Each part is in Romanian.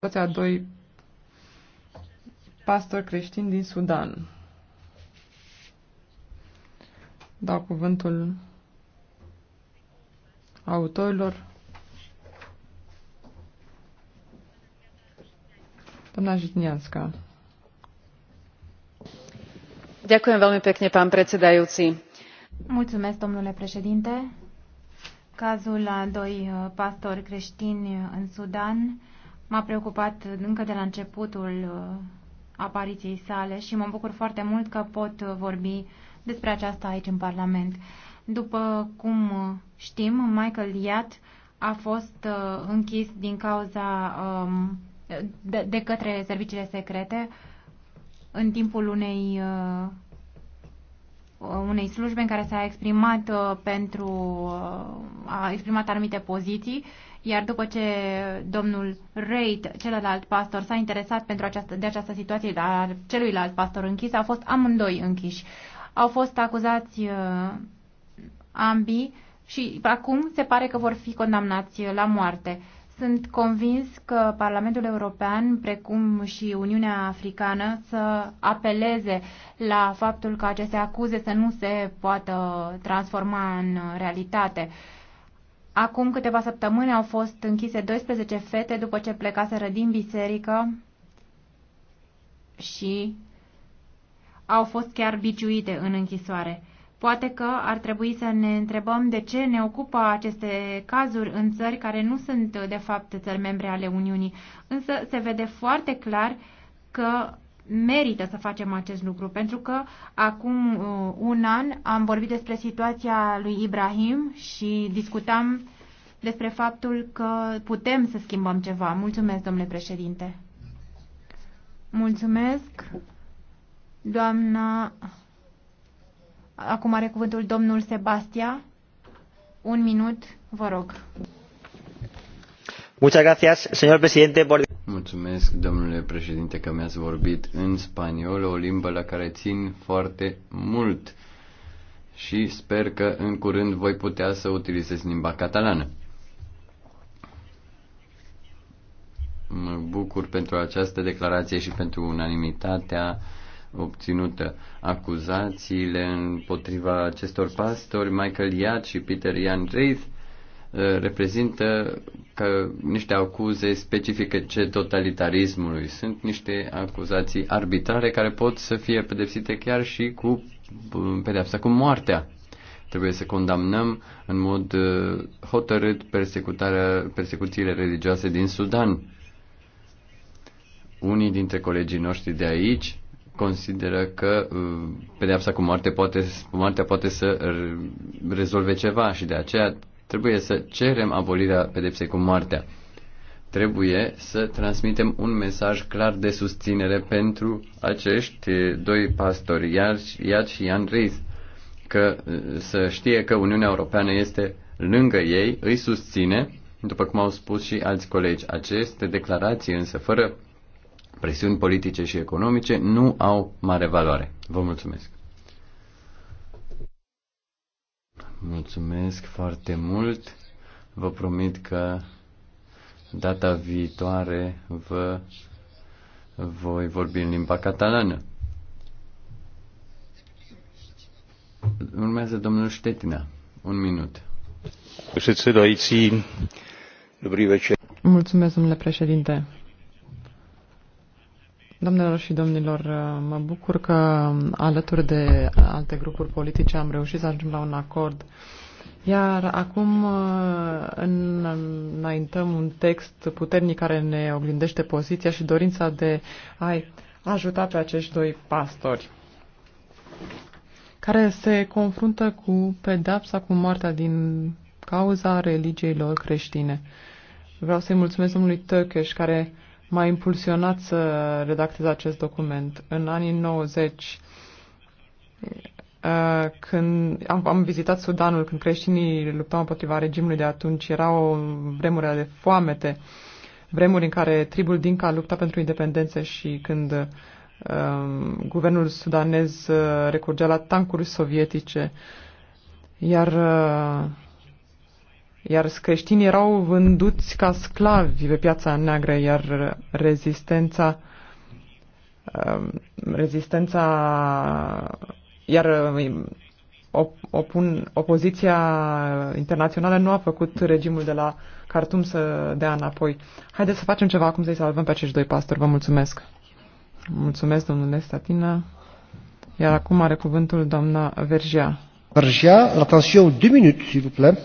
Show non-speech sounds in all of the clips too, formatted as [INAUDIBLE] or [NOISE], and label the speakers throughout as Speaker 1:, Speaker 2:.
Speaker 1: toți a doi pastori creștini din Sudan. Dau cuvântul autorilor. Doamna Žitnianska.
Speaker 2: Ďakujem veľmi pekne, pán predsedajúci. Mulțumesc, domnule președinte. Cazul a doi uh, pastori creștini în Sudan m-a preocupat încă de la începutul uh, apariției sale și mă bucur foarte mult că pot uh, vorbi despre aceasta aici în Parlament. După cum uh, știm, Michael Yatt a fost închis din cauza um, de către serviciile secrete în timpul unei Uh, unei slujbe în care s-a exprimat uh, pentru uh, a exprimat anumite poziții, iar după ce domnul Reid, celălalt pastor, s-a interesat pentru această, de această situație, dar celuilalt pastor închis, au fost amândoi închiși. Au fost acuzați uh, ambii și acum se pare că vor fi condamnați la moarte. Uh, sunt convins că Parlamentul European, precum și Uniunea Africană, să apeleze la faptul că aceste acuze să nu se poată transforma în realitate. Acum câteva săptămâni au fost închise 12 fete după ce plecaseră din biserică și au fost chiar biciuite în închisoare. Poate că ar trebui să ne întrebăm de ce ne ocupă aceste cazuri în țări care nu sunt, de fapt, țări membre ale Uniunii. Însă se vede foarte clar că merită să facem acest lucru, pentru că acum uh, un an am vorbit despre situația lui Ibrahim și discutam despre faptul că putem să schimbăm ceva. Mulțumesc, domnule președinte. Mulțumesc, doamna Acum are cuvântul domnul Sebastia. Un minut, vă rog.
Speaker 3: Muchas gracias, señor presidente, por... Mulțumesc, domnule președinte, că mi-ați vorbit în spaniolă, o limbă la care țin foarte mult și sper că în curând voi putea să utilizez limba catalană. Mă bucur pentru această declarație și pentru unanimitatea obținută. Acuzațiile împotriva acestor pastori, Michael Iad și Peter Ian Reith, uh, reprezintă că niște acuze specifice totalitarismului. Sunt niște acuzații arbitrare care pot să fie pedepsite chiar și cu uh, pedepsa cu moartea. Trebuie să condamnăm în mod uh, hotărât persecutarea, persecuțiile religioase din Sudan. Unii dintre colegii noștri de aici consideră că uh, pedeapsa cu moarte poate, moartea poate să rezolve ceva și de aceea trebuie să cerem abolirea pedepsei cu moartea. Trebuie să transmitem un mesaj clar de susținere pentru acești doi pastori, Iad și Ian Reis, că uh, să știe că Uniunea Europeană este lângă ei, îi susține, după cum au spus și alți colegi. Aceste declarații însă, fără presiuni politice și economice nu au mare valoare. Vă mulțumesc! Mulțumesc foarte mult! Vă promit că data viitoare vă voi vorbi în limba catalană. Urmează domnul Ștetina. Un minut.
Speaker 1: Mulțumesc, domnule președinte. Domnilor și domnilor, uh, mă bucur că um, alături de alte grupuri politice am reușit să ajungem la un acord. Iar acum uh, înaintăm un text puternic care ne oglindește poziția și dorința de a ajuta pe acești doi pastori care se confruntă cu pedapsa cu moartea din cauza religiei lor creștine. Vreau să-i mulțumesc domnului Tăcheș, care m-a impulsionat să redactez acest document. În anii 90, uh, când am, am vizitat Sudanul, când creștinii luptau împotriva regimului de atunci, erau vremuri de foamete, vremuri în care tribul Dinka lupta pentru independență și când um, guvernul sudanez uh, recurgea la tancuri sovietice, iar uh, iar creștinii erau vânduți ca sclavi pe piața neagră, iar rezistența um, rezistența iar um, opun, opoziția internațională nu a făcut regimul de la Cartum să dea înapoi. Haideți să facem ceva acum să-i salvăm pe acești doi pastori. Vă mulțumesc. Mulțumesc, domnule Statina. Iar acum are cuvântul doamna Vergea.
Speaker 2: Vergea, la 2 minute, s'il vous plaît.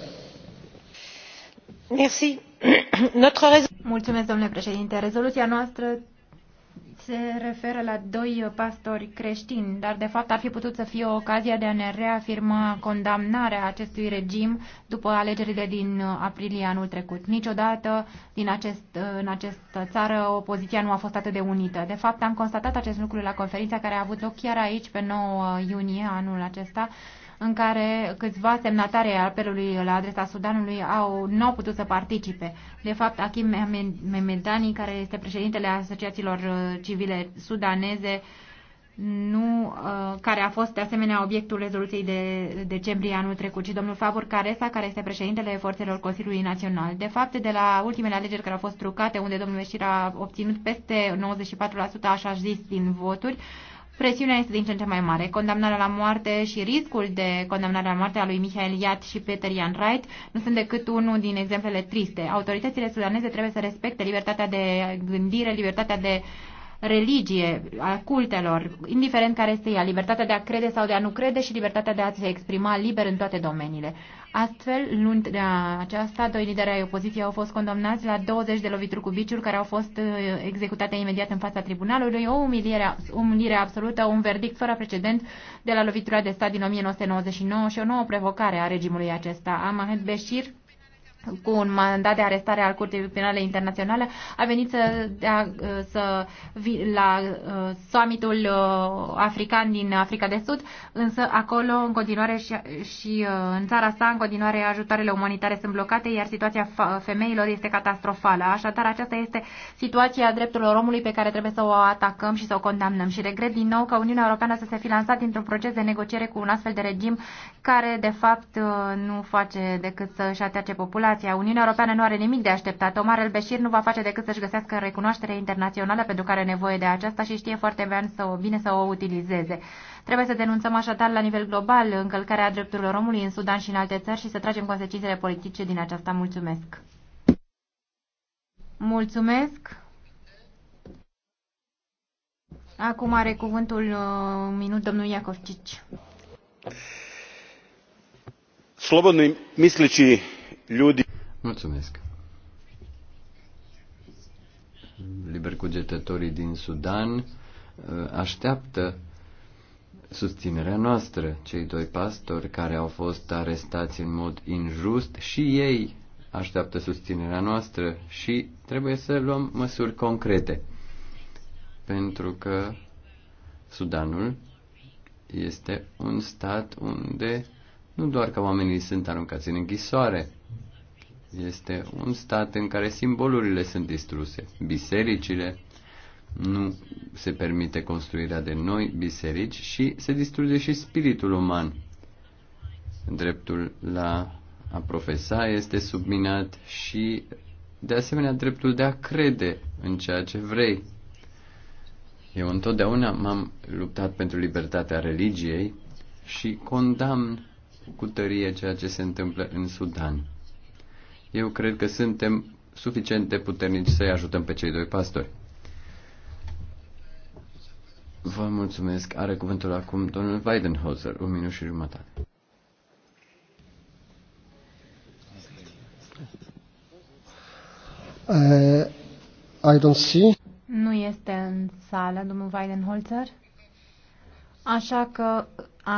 Speaker 2: [CLEARS THROAT] Mulțumesc, domnule președinte. Rezoluția noastră se referă la doi pastori creștini, dar de fapt ar fi putut să fie o ocazie de a ne reafirma condamnarea acestui regim după alegerile din aprilie anul trecut. Niciodată din acest, în această țară opoziția nu a fost atât de unită. De fapt am constatat acest lucru la conferința care a avut loc chiar aici pe 9 iunie anul acesta, în care câțiva semnatari ai apelului la adresa Sudanului au, nu au putut să participe. De fapt, Achim Memedani, care este președintele asociațiilor uh, civile sudaneze, nu, uh, care a fost de asemenea obiectul rezoluției de decembrie anul trecut, și domnul Favor Caresa, care este președintele forțelor Consiliului Național. De fapt, de la ultimele alegeri care au fost trucate, unde domnul Meșir a obținut peste 94% așa zis din voturi, Presiunea este din ce în ce mai mare. Condamnarea la moarte și riscul de condamnare la moarte a lui Michael Iat și Peter Ian Wright nu sunt decât unul din exemplele triste. Autoritățile sudaneze trebuie să respecte libertatea de gândire, libertatea de uh, religie, a cultelor, indiferent care este ea, libertatea de a crede sau de a nu crede și libertatea de a se exprima liber în toate domeniile. Astfel, luni de aceasta, doi lideri ai opoziției au fost condamnați la 20 de lovituri cu biciuri care au fost uh, executate imediat în fața tribunalului, o umilire umilire absolută, un verdict fără precedent de la lovitura de stat din 1999 și o nouă provocare a regimului acesta. Ahmed Beshir, cu un mandat de arestare al Curții Penale Internaționale, a venit să, dea, să la uh, summitul uh, african din Africa de Sud, însă acolo în continuare și, și uh, în țara sa în continuare ajutoarele umanitare sunt blocate, iar situația femeilor este catastrofală. Așadar, aceasta este situația drepturilor omului pe care trebuie să o atacăm și să o condamnăm. Și regret din nou că Uniunea Europeană să se fi lansat într un proces de negociere cu un astfel de regim care, de fapt, nu face decât să-și atace populația declarația Uniunea Europeană nu are nimic de așteptat. Omar el Beșir nu va face decât să-și găsească recunoaștere internațională pentru care are nevoie de aceasta și știe foarte bine să o, bine să o utilizeze. Trebuie să denunțăm așadar la nivel global încălcarea drepturilor omului în Sudan și în alte țări și să tragem consecințele politice din aceasta. Mulțumesc! Mulțumesc! Acum are cuvântul uh, minut domnul Iacovcici
Speaker 3: Slobodni misleći ljudi... Mulțumesc. cugetătorii din Sudan uh, așteaptă susținerea noastră. Cei doi pastori care au fost arestați în mod injust și ei așteaptă susținerea noastră și trebuie să luăm măsuri concrete. Pentru că Sudanul este un stat unde nu doar că oamenii sunt aruncați în închisoare, este un stat în care simbolurile sunt distruse, bisericile, nu se permite construirea de noi biserici și se distruge și spiritul uman. Dreptul la a profesa este subminat și, de asemenea, dreptul de a crede în ceea ce vrei. Eu întotdeauna m-am luptat pentru libertatea religiei și condamn cu tărie ceea ce se întâmplă în Sudan. Eu cred că suntem suficient de puternici să-i ajutăm pe cei doi pastori. Vă mulțumesc. Are cuvântul acum domnul Weidenhauser, un minut și jumătate.
Speaker 1: Uh, I don't see.
Speaker 2: Nu este în sală, domnul Weidenholzer. Așa că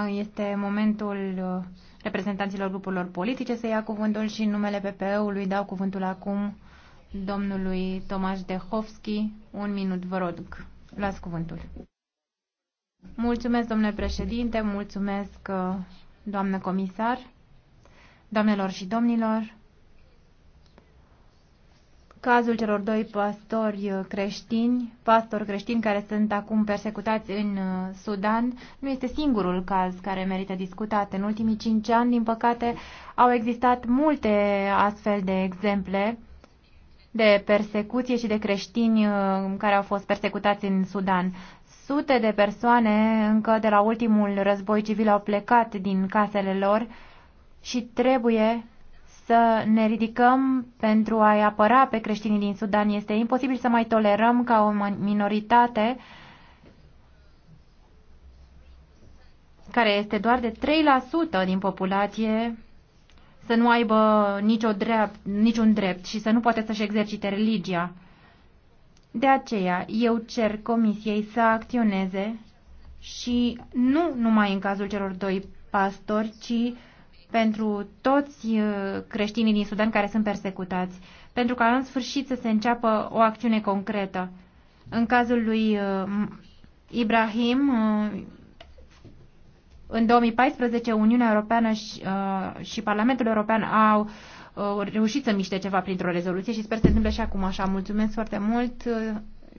Speaker 2: este momentul uh, reprezentanților grupurilor politice să ia cuvântul și în numele PPE-ului dau cuvântul acum domnului Tomaș Dehovski. Un minut, vă rog, luați cuvântul. Mulțumesc, domnule președinte, mulțumesc, doamnă comisar, doamnelor și domnilor cazul celor doi pastori uh, creștini, pastori creștini care sunt acum persecutați în uh, Sudan, nu este singurul caz care merită discutat. În ultimii cinci ani, din păcate, au existat multe astfel de exemple de persecuție și de creștini uh, care au fost persecutați în Sudan. Sute de persoane încă de la ultimul război civil au plecat din casele lor și trebuie să ne ridicăm pentru a-i apăra pe creștinii din Sudan. Este imposibil să mai tolerăm ca o minoritate care este doar de 3% din populație să nu aibă nicio drept, niciun drept și să nu poate să-și exercite religia. De aceea, eu cer comisiei să acționeze și nu numai în cazul celor doi pastori, ci pentru toți uh, creștinii din Sudan care sunt persecutați, pentru ca în sfârșit să se înceapă o acțiune concretă. În cazul lui uh, Ibrahim, uh, în 2014 Uniunea Europeană și, și Parlamentul European au reușit să miște ceva printr-o rezoluție și sper să se întâmple și acum așa. Mulțumesc foarte mult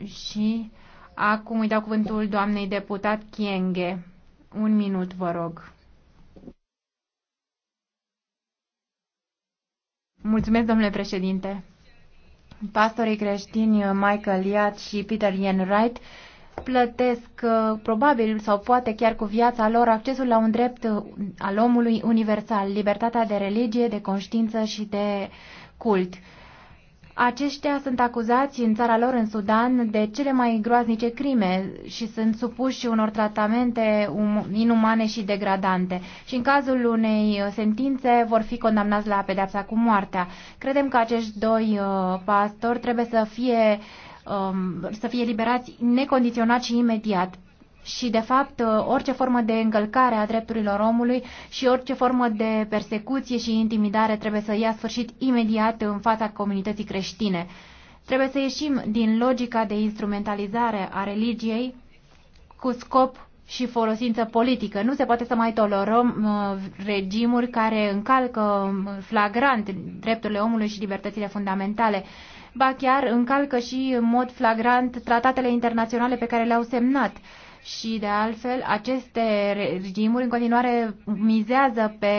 Speaker 2: și acum îi dau cuvântul doamnei deputat Chienghe. Un minut, vă rog. Mulțumesc, domnule președinte. Pastorii creștini Michael Yat și Peter Ian Wright plătesc uh, probabil sau poate chiar cu viața lor accesul la un drept uh, al omului universal, libertatea de religie, de conștiință și de cult. Aceștia sunt acuzați în țara lor, în Sudan, de cele mai groaznice crime și sunt supuși unor tratamente um- inumane și degradante. Și în cazul unei uh, sentințe vor fi condamnați la pedeapsa cu moartea. Credem că acești doi uh, pastori trebuie să fie um, să fie liberați necondiționat și imediat și, de fapt, orice formă de încălcare a drepturilor omului și orice formă de persecuție și intimidare trebuie să ia sfârșit imediat în fața comunității creștine. Trebuie să ieșim din logica de instrumentalizare a religiei cu scop și folosință politică. Nu se poate să mai tolerăm uh, regimuri care încalcă um, flagrant drepturile omului și libertățile fundamentale. Ba chiar încalcă și în mod flagrant tratatele internaționale pe care le-au semnat. Uh, și, de altfel, aceste regimuri în continuare mizează pe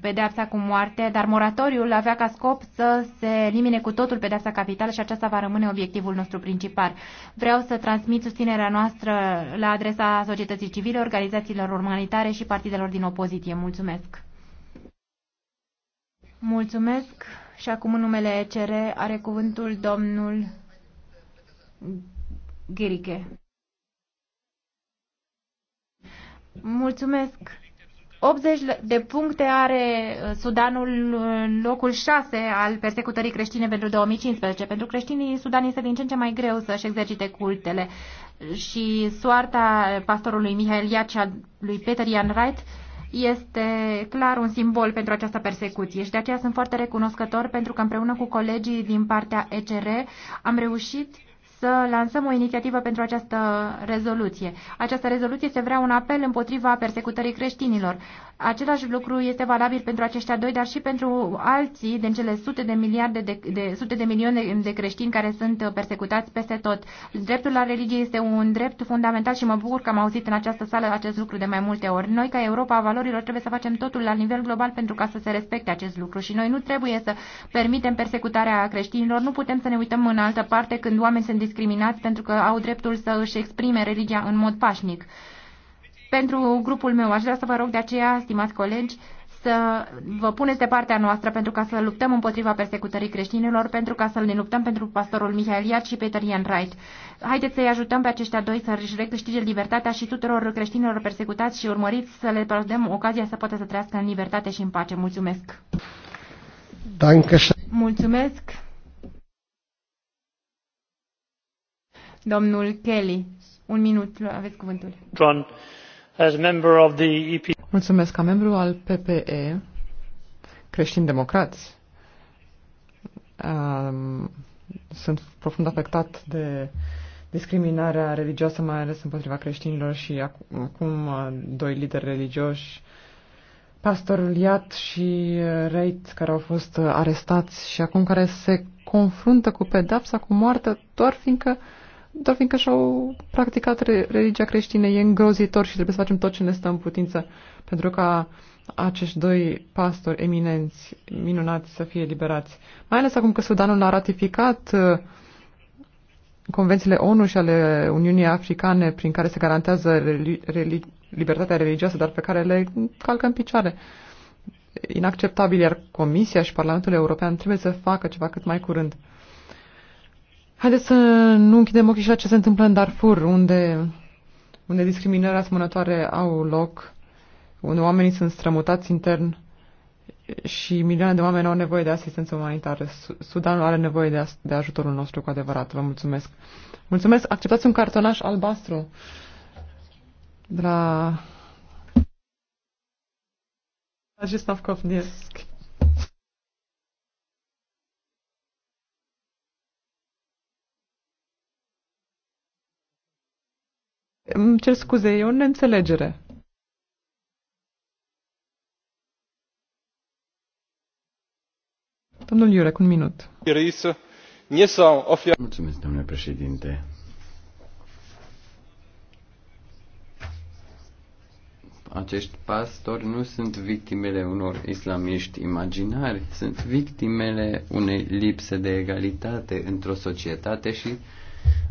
Speaker 2: pedeapsa cu moarte, dar moratoriul avea ca scop să se elimine cu totul pedeapsa capitală și aceasta va rămâne obiectivul nostru principal. Vreau să transmit susținerea noastră la adresa societății civile, organizațiilor umanitare și partidelor din opoziție. Mulțumesc! Mulțumesc și acum în numele ECR are cuvântul domnul Gheriche. Mulțumesc. 80 de puncte are uh, Sudanul în locul 6 al persecutării creștine pentru 2015. Pentru creștinii Sudan este din ce în ce mai greu să-și exercite cultele și soarta pastorului Mihail Iacea lui Peter Ian Wright este clar un simbol pentru această persecuție și de aceea sunt foarte recunoscător pentru că împreună cu colegii din partea ECR am reușit să lansăm o inițiativă pentru această rezoluție. Această rezoluție se vrea un apel împotriva persecutării creștinilor. Același lucru este valabil pentru aceștia doi, dar și pentru alții din cele sute de miliarde de, de sute de milioane de, creștini care sunt persecutați peste tot. Dreptul la religie este un drept fundamental și mă bucur că am auzit în această sală acest lucru de mai multe ori. Noi, ca Europa a valorilor, trebuie să facem totul la nivel global pentru ca să se respecte acest lucru și noi nu trebuie să permitem persecutarea creștinilor, nu putem să ne uităm în altă parte când oameni sunt discriminați discriminați pentru că au dreptul să își exprime religia în mod pașnic. Pentru grupul meu aș vrea să vă rog de aceea, stimați colegi, să vă puneți de partea noastră pentru ca să luptăm împotriva persecutării creștinilor, pentru ca să ne luptăm pentru pastorul Mihail Iad și Peter Ian Wright. Haideți să-i ajutăm pe aceștia doi să își recâștige libertatea și tuturor creștinilor persecutați și urmăriți să le dăm ocazia să poată să trăiască în libertate și în pace. Mulțumesc! Danke. Mulțumesc!
Speaker 1: Domnul Kelly, un minut, aveți cuvântul. John, as member of the EP... Mulțumesc. Ca membru al PPE, creștini democrați, um, sunt profund afectat de discriminarea religioasă, mai ales împotriva creștinilor și acum uh, doi lideri religioși, pastorul Iat și uh, Reit, care au fost uh, arestați și acum care se confruntă cu pedapsa cu moartea doar fiindcă uh, doar fiindcă și-au practicat religia creștină, e îngrozitor și trebuie să facem tot ce ne stă în putință pentru ca acești doi pastori eminenți, minunați, să fie liberați. Mai ales acum că Sudanul a ratificat uh, convențiile ONU și ale Uniunii Africane prin care se garantează reli- reli- libertatea religioasă, dar pe care le calcă în picioare. Inacceptabil, iar Comisia și Parlamentul European trebuie să facă ceva cât mai curând. Haideți să nu închidem ochii și la ce se întâmplă în Darfur, unde, unde discriminări asemănătoare au loc, unde oamenii sunt strămutați intern și milioane de oameni au nevoie de asistență umanitară. Sudanul are nevoie de, de ajutorul nostru cu adevărat. Vă mulțumesc. Mulțumesc. Acceptați un cartonaș albastru de la... Acest Navkovniesk. Îmi cer scuze, e o neînțelegere. Domnul Iurec, un minut.
Speaker 3: Mulțumesc, domnule președinte. Acești pastori nu sunt victimele unor islamiști imaginari, sunt victimele unei lipse de egalitate într-o societate și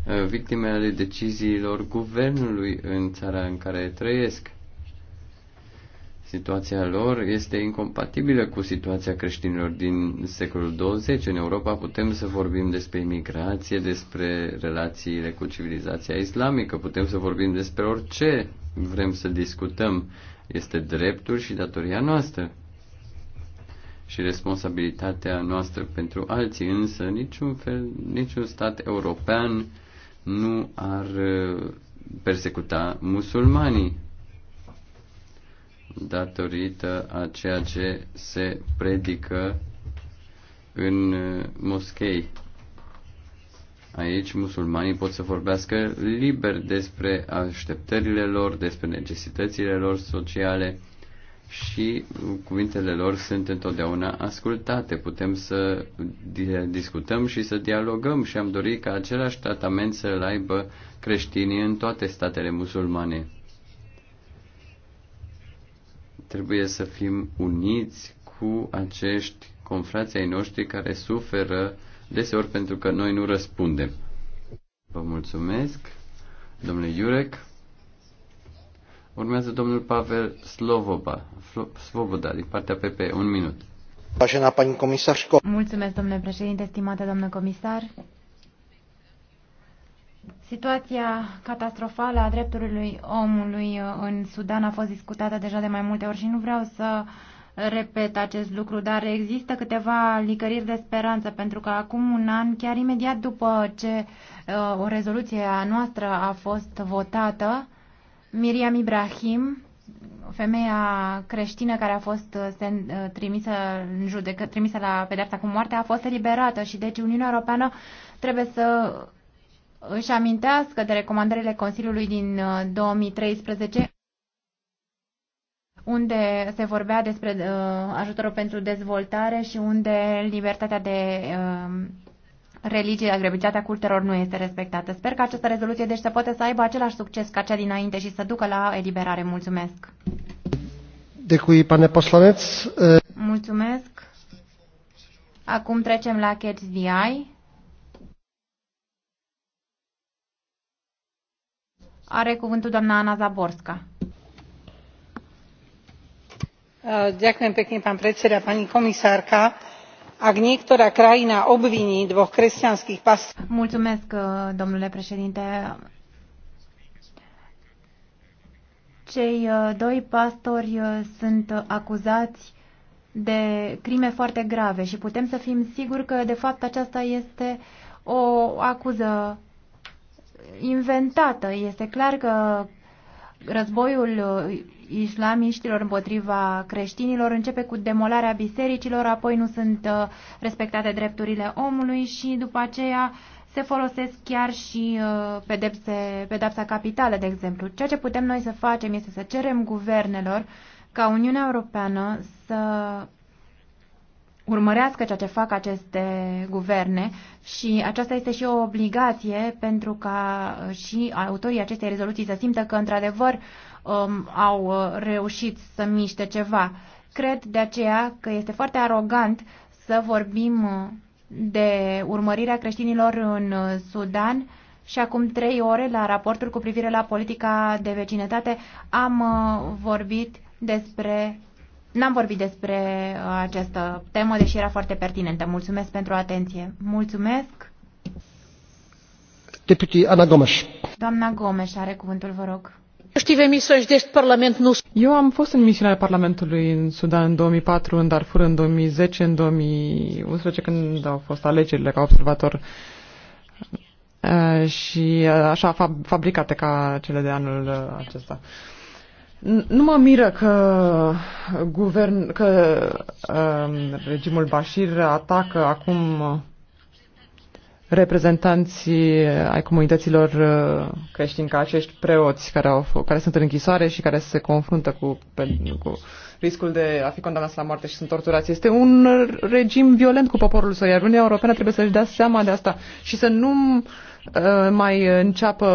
Speaker 3: Uh, victime ale deciziilor guvernului în țara în care trăiesc. Situația lor este incompatibilă cu situația creștinilor din secolul 20. În Europa putem să vorbim despre imigrație, despre relațiile cu civilizația islamică, putem să vorbim despre orice vrem să discutăm. Este dreptul și datoria noastră și responsabilitatea noastră pentru alții, însă niciun, fel, niciun stat european nu ar uh, persecuta musulmanii datorită a ceea ce se predică în uh, moschei. Aici musulmanii pot să vorbească liber despre așteptările lor, despre necesitățile lor sociale și cuvintele lor sunt întotdeauna ascultate. Putem să discutăm și să dialogăm și am dorit ca același tratament să-l aibă creștinii în toate statele musulmane. Trebuie să fim uniți cu acești confrații ai noștri care suferă deseori pentru că noi nu răspundem. Vă mulțumesc, domnule Iurec. Urmează domnul Pavel Slovoba, Svoboda, din partea PP, un minut.
Speaker 2: Mulțumesc, domnule președinte, stimată doamnă comisar. Situația catastrofală a drepturilor omului în Sudan a fost discutată deja de mai multe ori și nu vreau să repet acest lucru, dar există câteva licăriri de speranță, pentru că acum un an, chiar imediat după ce uh, o rezoluție a noastră a fost votată, Miriam Ibrahim, femeia creștină care a fost uh, uh, trimisă, în judecă, trimisă la pedeapsa cu moartea, a fost eliberată și deci Uniunea Europeană trebuie să își amintească de recomandările Consiliului din 2013 uh, unde se vorbea despre uh, ajutorul pentru dezvoltare și unde libertatea de uh, religia, agrebitatea cultelor nu este respectată. Sper că această rezoluție deci să poate să aibă același succes ca cea dinainte și să ducă la eliberare. Mulțumesc.
Speaker 1: Decui, pane poslanec.
Speaker 2: Mulțumesc. Acum trecem la Catch the Eye. Are cuvântul doamna Ana Zaborska. Ďakujem pekne, pán predseda, pani komisárka ak niektorá krajina obviní dvoch kresťanských pastierov. Mulțumesc, uh, domnule președinte. Cei uh, doi pastori uh, sunt acuzați de crime foarte grave și putem să fim siguri că, de fapt, aceasta este o acuză inventată. Este clar că Războiul uh, islamiștilor împotriva creștinilor începe cu demolarea bisericilor, apoi nu sunt uh, respectate drepturile omului și după aceea se folosesc chiar și uh, pedepse, pedepsa capitală, de exemplu. Ceea ce putem noi să facem este să cerem guvernelor ca Uniunea Europeană să urmărească ceea ce fac aceste guverne și aceasta este și o obligație pentru ca uh, și autorii acestei rezoluții să simtă că într-adevăr um, au uh, reușit să miște ceva. Cred de aceea că este foarte arogant să vorbim uh, de urmărirea creștinilor în Sudan și acum trei ore la raportul cu privire la politica de vecinătate am vorbit despre N-am vorbit despre uh, această temă, deși era foarte pertinentă. Mulțumesc pentru atenție. Mulțumesc.
Speaker 1: Deputy Ana Gomes.
Speaker 2: Doamna Gomes are cuvântul, vă rog.
Speaker 1: Eu am fost în misiunea Parlamentului în Sudan în 2004, în Darfur în 2010, în 2011, când au fost alegerile ca observator uh, și uh, așa fabricate ca cele de anul acesta. Uh, nu mă miră că, guvern, că uh, regimul Bashir atacă acum reprezentanții ai comunităților uh, creștini ca acești preoți care, au, care sunt în închisoare și care se confruntă cu, pe, cu riscul de a fi condamnați la moarte și sunt torturați. Este un regim violent cu poporul său, iar Uniunea Europeană trebuie să-și dea seama de asta și să nu Uh, mai înceapă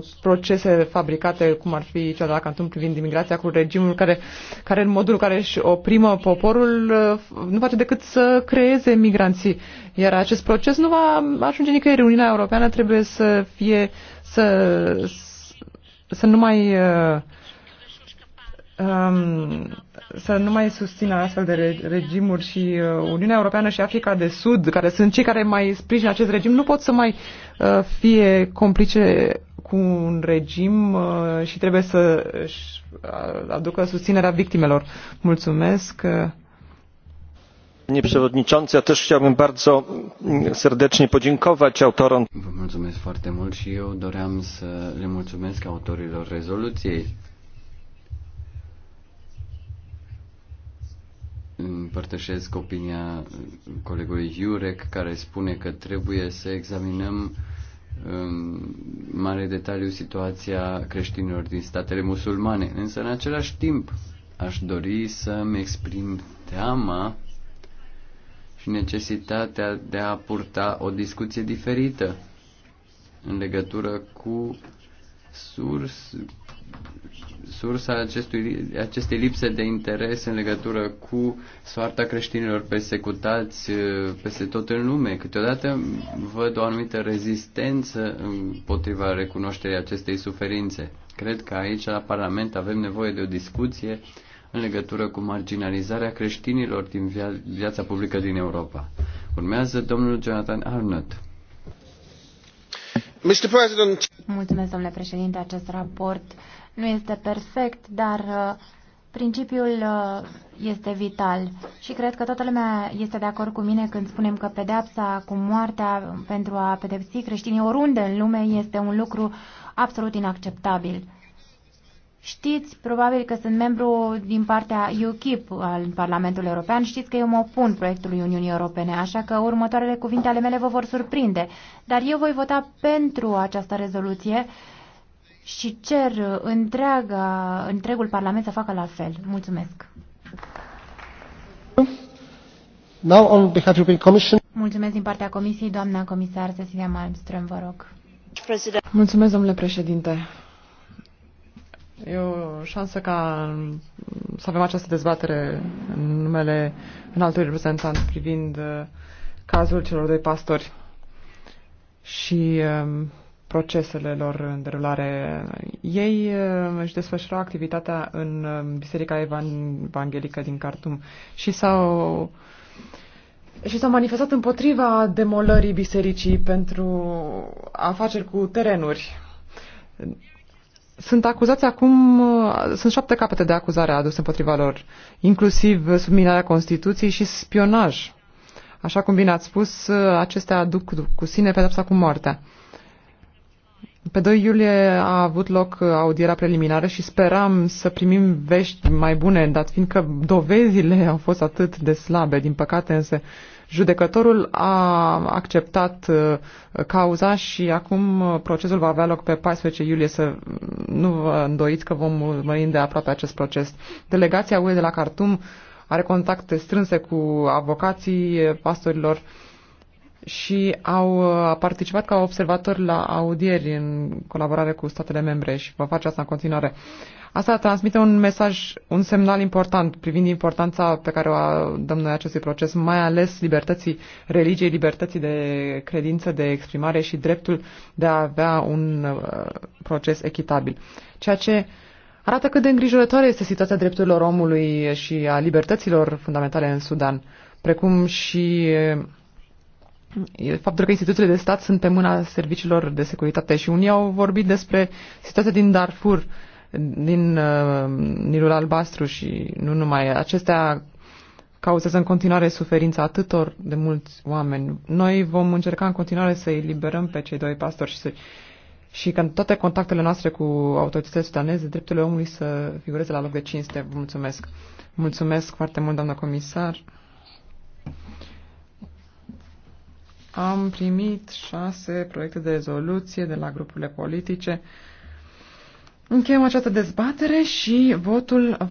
Speaker 1: uh, procese fabricate, cum ar fi cea de la Cantum privind imigrația cu regimul care, care în modul în care își oprimă poporul uh, nu face decât să creeze migranții. Iar acest proces nu va ajunge nicăieri. Uniunea Europeană trebuie să fie să, să nu mai uh, um, să nu mai susțină astfel de regimuri și uh, Uniunea Europeană și Africa de Sud, care sunt cei care mai sprijină acest regim, nu pot să mai uh, fie complice cu un regim uh, și trebuie să își uh, aducă susținerea victimelor. Mulțumesc.
Speaker 3: Panie Przewodniczący, ja też chciałbym bardzo mm, serdecznie podziękować autorom. Vă mulțumesc foarte mult și eu doream să le mulțumesc autorilor rezoluției. împărtășesc opinia colegului Iurec, care spune că trebuie să examinăm în mare detaliu situația creștinilor din statele musulmane. Însă, în același timp, aș dori să-mi exprim teama și necesitatea de a purta o discuție diferită în legătură cu surs, sursa acestui, acestei lipse de interes în legătură cu soarta creștinilor persecutați uh, peste tot în lume. Câteodată văd o anumită rezistență împotriva recunoașterii acestei suferințe. Cred că aici, la Parlament, avem nevoie de o discuție în legătură cu marginalizarea creștinilor din via- viața publică din Europa. Urmează domnul Jonathan Arnott. Mr.
Speaker 2: President... Mulțumesc, domnule președinte. Acest raport nu este perfect, dar uh, principiul uh, este vital și cred că toată lumea este de acord cu mine când spunem că pedepsa cu moartea pentru a pedepsi creștinii oriunde în lume este un lucru absolut inacceptabil. Știți, probabil că sunt membru din partea UKIP al Parlamentului European, știți că eu mă opun proiectului Uniunii Europene, așa că următoarele cuvinte ale mele vă vor surprinde. Dar eu voi vota pentru această rezoluție și cer întreaga, întregul Parlament să facă la fel. Mulțumesc!
Speaker 1: Now on behalf of the Commission.
Speaker 2: Mulțumesc din partea Comisiei, doamna comisar Cecilia Malmström, vă rog.
Speaker 1: Mulțumesc, domnule președinte. E o șansă ca să avem această dezbatere în numele altui reprezentant privind uh, cazul celor doi pastori și um, procesele lor în derulare. Ei um, își desfășura activitatea în um, Biserica Evanghelică din Cartum și s-au și s-au manifestat împotriva demolării bisericii pentru afaceri cu terenuri. Sunt acuzați acum, uh, sunt șapte capete de acuzare aduse împotriva lor, inclusiv subminarea Constituției și spionaj. Așa cum bine ați spus, uh, acestea aduc cu sine pedepsa cu moartea. Pe 2 iulie a avut loc uh, audiera preliminară și speram să primim vești mai bune, dat fiindcă dovezile au fost atât de slabe. Din păcate însă Judecătorul a acceptat uh, cauza și acum uh, procesul va avea loc pe 14 iulie. Să mm, nu vă îndoiți că vom urmări de aproape acest proces. Delegația UE de la Cartum are contacte strânse cu avocații uh, pastorilor și au participat ca observatori la audieri în colaborare cu statele membre și va face asta în continuare. Uh, Asta transmite un mesaj, un semnal important privind importanța pe care o dăm noi acestui proces, mai ales libertății religiei, libertății de credință, de exprimare și dreptul de a avea un uh, proces echitabil. Ceea ce arată cât de îngrijorătoare este situația drepturilor omului și a libertăților fundamentale în Sudan, precum și uh, faptul că instituțiile de stat sunt pe mâna serviciilor de securitate și unii au vorbit despre situația din Darfur, din uh, Nilul Albastru și nu numai. Acestea cauzează în continuare suferința atâtor de mulți oameni. Noi vom încerca în continuare să i liberăm pe cei doi pastori și să și când toate contactele noastre cu autoritățile sudaneze, drepturile omului să figureze la loc de cinste. Vă mulțumesc. Mulțumesc foarte mult, doamnă comisar. Am primit șase proiecte de rezoluție de la grupurile politice. Încheiem această dezbatere și votul